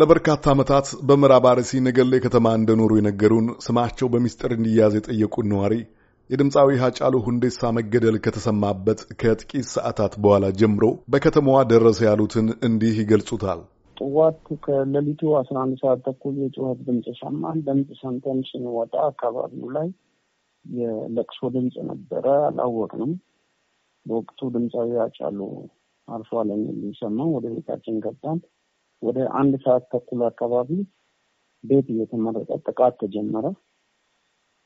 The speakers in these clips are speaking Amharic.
ለበርካታ ዓመታት በምዕራብ አርሲ ነገሌ ከተማ እንደኖሩ የነገሩን ስማቸው በሚስጥር እንዲያዝ የጠየቁን ነዋሪ የድምፃዊ ሀጫሉ ሁንዴሳ መገደል ከተሰማበት ከጥቂት ሰዓታት በኋላ ጀምሮ በከተማዋ ደረሰ ያሉትን እንዲህ ይገልጹታል። ጥዋት ከሌሊቱ አስራ አንድ ሰዓት ተኩል የጩኸት ድምፅ ሰማን። ድምፅ ሰምተን ስንወጣ አካባቢው ላይ የለቅሶ ድምፅ ነበረ። አላወቅንም። በወቅቱ ድምፃዊ ሀጫሉ አርፏል የሚል ሰማን። ወደ ቤታችን ገባን። ወደ አንድ ሰዓት ተኩል አካባቢ ቤት እየተመረጠ ጥቃት ተጀመረ።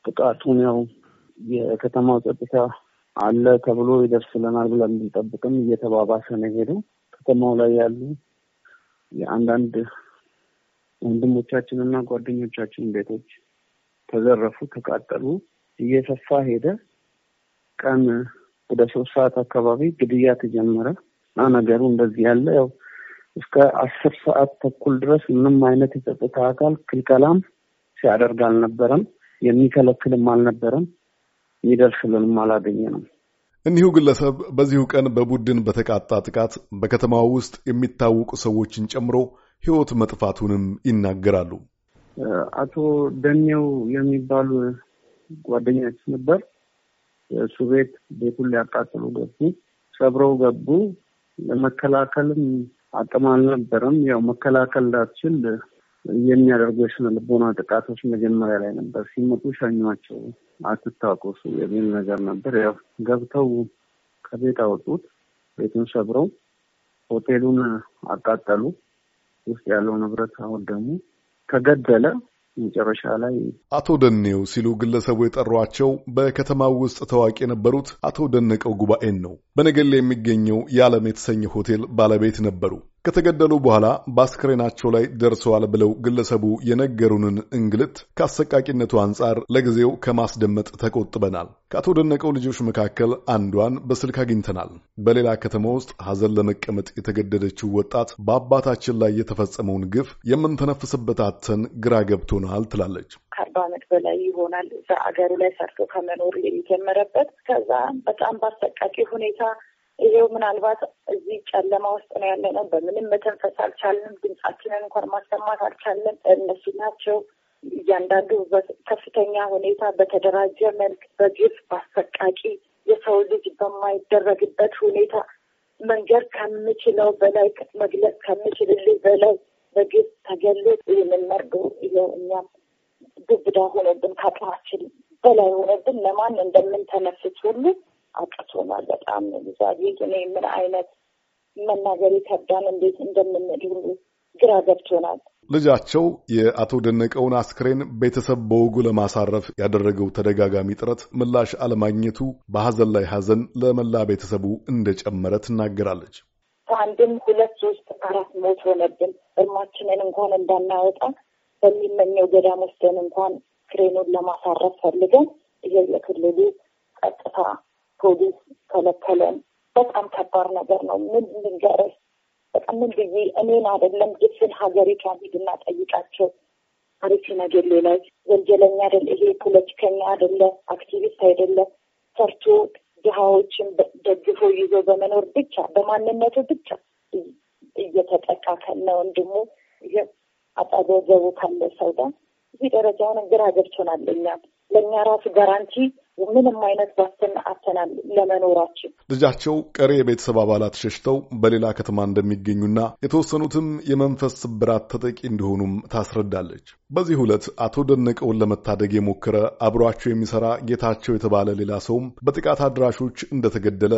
ጥቃቱን ያው የከተማው ጸጥታ አለ ተብሎ ይደርስልናል ብለን ብንጠብቅም እየተባባሰ ነው የሄደው። ከተማው ላይ ያሉ የአንዳንድ ወንድሞቻችንና ጓደኞቻችን ቤቶች ተዘረፉ፣ ተቃጠሉ። እየሰፋ ሄደ። ቀን ወደ ሶስት ሰዓት አካባቢ ግድያ ተጀመረ እና ነገሩ እንደዚህ ያለ ያው እስከ አስር ሰዓት ተኩል ድረስ ምንም አይነት የጸጥታ አካል ክልከላም ሲያደርግ አልነበረም። የሚከለክልም አልነበረም። የሚደርስልንም አላገኘንም። እኒሁ ግለሰብ በዚሁ ቀን በቡድን በተቃጣ ጥቃት በከተማ ውስጥ የሚታወቁ ሰዎችን ጨምሮ ሕይወት መጥፋቱንም ይናገራሉ። አቶ ደኔው የሚባሉ ጓደኛች ነበር። እሱ ቤት ቤቱን ሊያቃጥሉ ገቡ፣ ሰብረው ገቡ። ለመከላከልም አቅም አልነበረም። ያው መከላከል እንዳትችል የሚያደርጉ የስነ ልቦና ጥቃቶች መጀመሪያ ላይ ነበር። ሲመጡ ሸኟቸው፣ አትታቆሱ የሚል ነገር ነበር። ያው ገብተው ከቤት አወጡት። ቤቱን ሰብረው ሆቴሉን አቃጠሉ። ውስጥ ያለው ንብረት አሁን ደግሞ ከገደለ መጨረሻ ላይ አቶ ደኔው ሲሉ ግለሰቡ የጠሯቸው በከተማው ውስጥ ታዋቂ የነበሩት አቶ ደነቀው ጉባኤን ነው። በነገሌ የሚገኘው የዓለም የተሰኘ ሆቴል ባለቤት ነበሩ። ከተገደሉ በኋላ በአስክሬናቸው ላይ ደርሰዋል ብለው ግለሰቡ የነገሩንን እንግልት ከአሰቃቂነቱ አንጻር ለጊዜው ከማስደመጥ ተቆጥበናል። ከአቶ ደነቀው ልጆች መካከል አንዷን በስልክ አግኝተናል። በሌላ ከተማ ውስጥ ሐዘን ለመቀመጥ የተገደደችው ወጣት በአባታችን ላይ የተፈጸመውን ግፍ የምንተነፍስበት አተን ግራ ገብቶናል ትላለች። ከአርባ ዓመት በላይ ይሆናል እዛ አገሩ ላይ ሰርቶ ከመኖር የሚጀመረበት ከዛ በጣም በአሰቃቂ ሁኔታ ይሄው ምናልባት እዚህ ጨለማ ውስጥ ነው ያለ ነው። በምንም መተንፈስ አልቻልንም። ድምፃችንን እንኳን ማሰማት አልቻልንም። እነሱ ናቸው እያንዳንዱ በከፍተኛ ሁኔታ በተደራጀ መልክ በግፍ በአሰቃቂ የሰው ልጅ በማይደረግበት ሁኔታ መንገድ ከምችለው በላይ መግለጽ ከምችልልኝ በላይ በግፍ ተገሎ ይህንን መርዶ ይኸው እኛም ዱብዳ ሆነብን፣ ከአቅማችን በላይ ሆነብን። ለማን እንደምንተነፍስ ሁሉ አቅቶናል። በጣም እግዚአብሔር እኔ ምን አይነት መናገር ይከብዳል፣ እንዴት እንደምንድ ሁሉ ግራ ገብቶናል። ልጃቸው የአቶ ደነቀውን አስክሬን ቤተሰብ በወጉ ለማሳረፍ ያደረገው ተደጋጋሚ ጥረት ምላሽ አለማግኘቱ በሐዘን ላይ ሐዘን ለመላ ቤተሰቡ እንደጨመረ ትናገራለች። ከአንድም ሁለት ሶስት አራት ሞት ሆነብን። እርማችንን እንኳን እንዳናወጣ በሚመኘው ገዳም ወስደን እንኳን ክሬኑን ለማሳረፍ ፈልገን ይሄ የክልሉ ጸጥታ ፖሊስ ከለከለን። በጣም ከባድ ነገር ነው። ምን ልንገርህ፣ በጣም ምን ብዬ እኔን አይደለም ድፍን ሀገሪቷን ሂድና ጠይቃቸው። አሪፍ ነገሌ ላይ ወንጀለኛ አይደለ፣ ይሄ ፖለቲከኛ አይደለ፣ አክቲቪስት አይደለ፣ ሰርቶ ድሃዎችን ደግፎ ይዞ በመኖር ብቻ በማንነቱ ብቻ እየተጠቃ ከነ ወንድሙ አጠገቡ ካለ ሰው ጋር እዚህ ደረጃውን ግራ ገብቶናል። እኛም ለእኛ ራሱ ጋራንቲ ምንም አይነት ዋስትና አተናል ለመኖራችን ልጃቸው ቀሪ የቤተሰብ አባላት ሸሽተው በሌላ ከተማ እንደሚገኙና የተወሰኑትም የመንፈስ ስብራት ተጠቂ እንደሆኑም ታስረዳለች። በዚህ ዕለት አቶ ደነቀውን ለመታደግ የሞከረ አብሯቸው የሚሰራ ጌታቸው የተባለ ሌላ ሰውም በጥቃት አድራሾች እንደተገደለ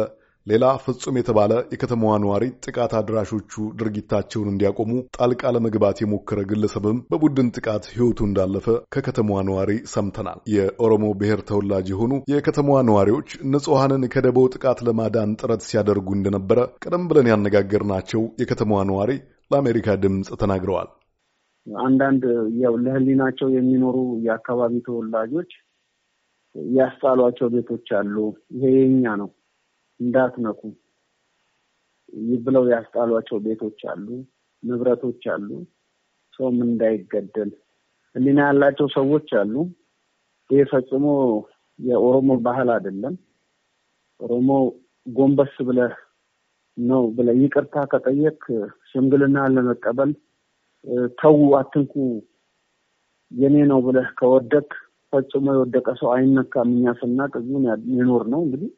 ሌላ ፍጹም የተባለ የከተማዋ ነዋሪ ጥቃት አድራሾቹ ድርጊታቸውን እንዲያቆሙ ጣልቃ ለመግባት የሞከረ ግለሰብም በቡድን ጥቃት ሕይወቱ እንዳለፈ ከከተማዋ ነዋሪ ሰምተናል። የኦሮሞ ብሔር ተወላጅ የሆኑ የከተማዋ ነዋሪዎች ንጹሐንን ከደቦው ጥቃት ለማዳን ጥረት ሲያደርጉ እንደነበረ ቀደም ብለን ያነጋገርናቸው የከተማዋ ነዋሪ ለአሜሪካ ድምፅ ተናግረዋል። አንዳንድ ያው ለህሊናቸው የሚኖሩ የአካባቢ ተወላጆች ያስጣሏቸው ቤቶች አሉ። ይሄ የኛ ነው እንዳትነኩ ብለው ያስጣሏቸው ቤቶች አሉ፣ ንብረቶች አሉ፣ ሰውም እንዳይገደል ሕሊና ያላቸው ሰዎች አሉ። ይህ ፈጽሞ የኦሮሞ ባህል አይደለም። ኦሮሞ ጎንበስ ብለህ ነው ብለህ ይቅርታ ከጠየቅ ሽምግልና ለመቀበል ተው አትንኩ የኔ ነው ብለህ ከወደቅ ፈጽሞ የወደቀ ሰው አይነካም። እኛ ስናቅ የኖር ነው እንግዲህ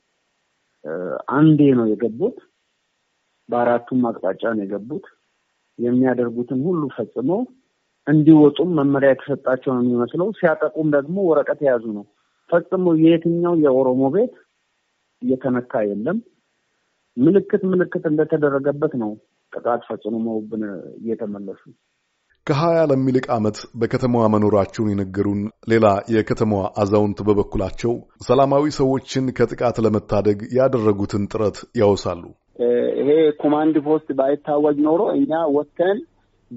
አንዴ ነው የገቡት። በአራቱም አቅጣጫ ነው የገቡት። የሚያደርጉትን ሁሉ ፈጽመው እንዲወጡም መመሪያ የተሰጣቸው ነው የሚመስለው። ሲያጠቁም ደግሞ ወረቀት የያዙ ነው። ፈጽሞ የየትኛው የኦሮሞ ቤት እየተነካ የለም። ምልክት ምልክት እንደተደረገበት ነው ጥቃት መውብን እየተመለሱ ከሀያ ለሚልቅ ዓመት በከተማዋ መኖራቸውን የነገሩን ሌላ የከተማዋ አዛውንት በበኩላቸው ሰላማዊ ሰዎችን ከጥቃት ለመታደግ ያደረጉትን ጥረት ያወሳሉ። ይሄ ኮማንድ ፖስት ባይታወጅ ኖሮ እኛ ወተን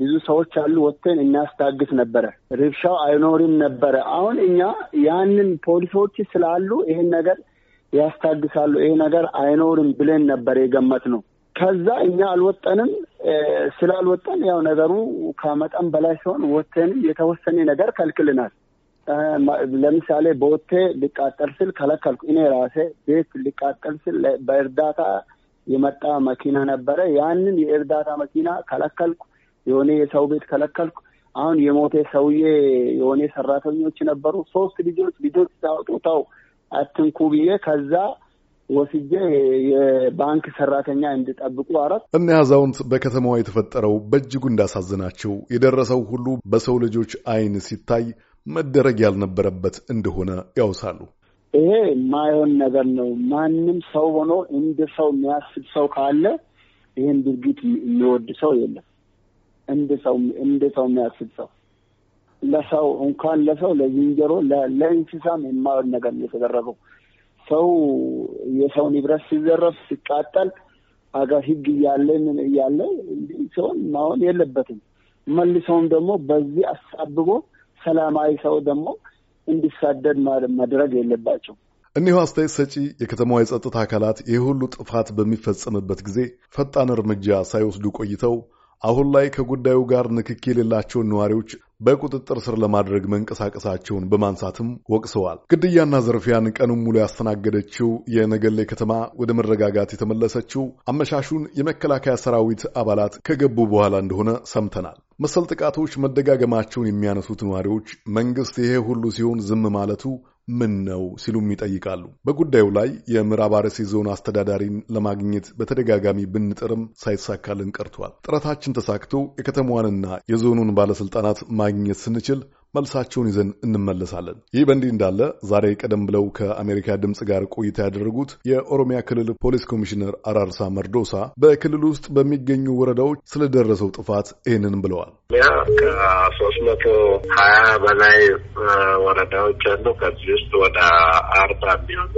ብዙ ሰዎች አሉ ወተን እናስታግስ ነበረ፣ ርብሻው አይኖርም ነበረ። አሁን እኛ ያንን ፖሊሶች ስላሉ ይሄን ነገር ያስታግሳሉ፣ ይሄ ነገር አይኖርም ብለን ነበር የገመት ነው። ከዛ እኛ አልወጠንም። ስላልወጣን ያው ነገሩ ከመጠን በላይ ሲሆን ወቴን የተወሰነ ነገር ከልክልናል። ለምሳሌ በወቴ ሊቃጠል ስል ከለከልኩ። እኔ ራሴ ቤት ሊቃጠል ስል በእርዳታ የመጣ መኪና ነበረ። ያንን የእርዳታ መኪና ከለከልኩ፣ የሆነ የሰው ቤት ከለከልኩ። አሁን የሞቴ ሰውዬ የሆነ ሰራተኞች ነበሩ። ሶስት ልጆች ልጆች ሲያወጡ ተው አትንኩ ብዬ ከዛ ወስጄ የባንክ ሰራተኛ እንድጠብቁ አራት እኒያ አዛውንት በከተማዋ የተፈጠረው በእጅጉ እንዳሳዝናቸው የደረሰው ሁሉ በሰው ልጆች አይን ሲታይ መደረግ ያልነበረበት እንደሆነ ያውሳሉ። ይሄ የማይሆን ነገር ነው። ማንም ሰው ሆኖ እንደ ሰው የሚያስብ ሰው ካለ ይህን ድርጊት የሚወድ ሰው የለም። እንደ ሰው እንደ ሰው የሚያስብ ሰው ለሰው እንኳን ለሰው ለዝንጀሮ ለእንስሳም የማይሆን ነገር ነው የተደረገው። ሰው የሰው ንብረት ሲዘረፍ ሲቃጠል አገር ህግ እያለ ምን እያለ እንዲህ ሲሆን ማሆን የለበትም። መልሰውም ደግሞ በዚህ አሳብቦ ሰላማዊ ሰው ደግሞ እንዲሳደድ ማድረግ የለባቸው። እኒሁ አስተያየት ሰጪ የከተማዋ የጸጥታ አካላት ይህ ሁሉ ጥፋት በሚፈጸምበት ጊዜ ፈጣን እርምጃ ሳይወስዱ ቆይተው አሁን ላይ ከጉዳዩ ጋር ንክኪ የሌላቸውን ነዋሪዎች በቁጥጥር ስር ለማድረግ መንቀሳቀሳቸውን በማንሳትም ወቅሰዋል። ግድያና ዘርፊያን ቀኑን ሙሉ ያስተናገደችው የነገሌ ከተማ ወደ መረጋጋት የተመለሰችው አመሻሹን የመከላከያ ሰራዊት አባላት ከገቡ በኋላ እንደሆነ ሰምተናል። መሰል ጥቃቶች መደጋገማቸውን የሚያነሱት ነዋሪዎች መንግስት ይሄ ሁሉ ሲሆን ዝም ማለቱ ምን ነው ሲሉም ይጠይቃሉ። በጉዳዩ ላይ የምዕራብ አርሲ ዞን አስተዳዳሪን ለማግኘት በተደጋጋሚ ብንጥርም ሳይሳካልን ቀርቷል። ጥረታችን ተሳክቶ የከተማዋንና የዞኑን ባለስልጣናት ማግኘት ስንችል መልሳቸውን ይዘን እንመለሳለን። ይህ በእንዲህ እንዳለ ዛሬ ቀደም ብለው ከአሜሪካ ድምፅ ጋር ቆይታ ያደረጉት የኦሮሚያ ክልል ፖሊስ ኮሚሽነር አራርሳ መርዶሳ በክልል ውስጥ በሚገኙ ወረዳዎች ስለደረሰው ጥፋት ይህንን ብለዋል። ከሶስት መቶ ሀያ በላይ ወረዳዎች አሉ። ከዚህ ውስጥ ወደ አርባ የሚሆኑ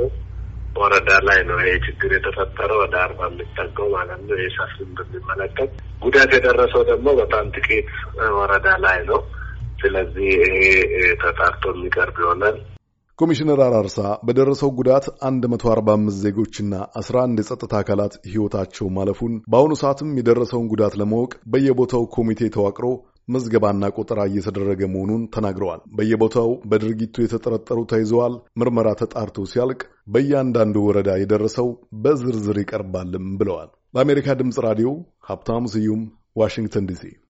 ወረዳ ላይ ነው ይሄ ችግር የተፈጠረው። ወደ አርባ የሚጠገው ማለት ነው። ይህ ሰፊ እንደሚመለከት ጉዳት የደረሰው ደግሞ በጣም ጥቂት ወረዳ ላይ ነው። ስለዚህ ይሄ ተጣርቶ የሚቀርብ ይሆናል። ኮሚሽነር አራርሳ በደረሰው ጉዳት 145 ዜጎችና 11 የጸጥታ አካላት ሕይወታቸው ማለፉን በአሁኑ ሰዓትም የደረሰውን ጉዳት ለማወቅ በየቦታው ኮሚቴ ተዋቅሮ መዝገባና ቆጠራ እየተደረገ መሆኑን ተናግረዋል። በየቦታው በድርጊቱ የተጠረጠሩ ተይዘዋል። ምርመራ ተጣርቶ ሲያልቅ በእያንዳንዱ ወረዳ የደረሰው በዝርዝር ይቀርባልም ብለዋል። ለአሜሪካ ድምፅ ራዲዮ ሀብታሙ ስዩም ዋሽንግተን ዲሲ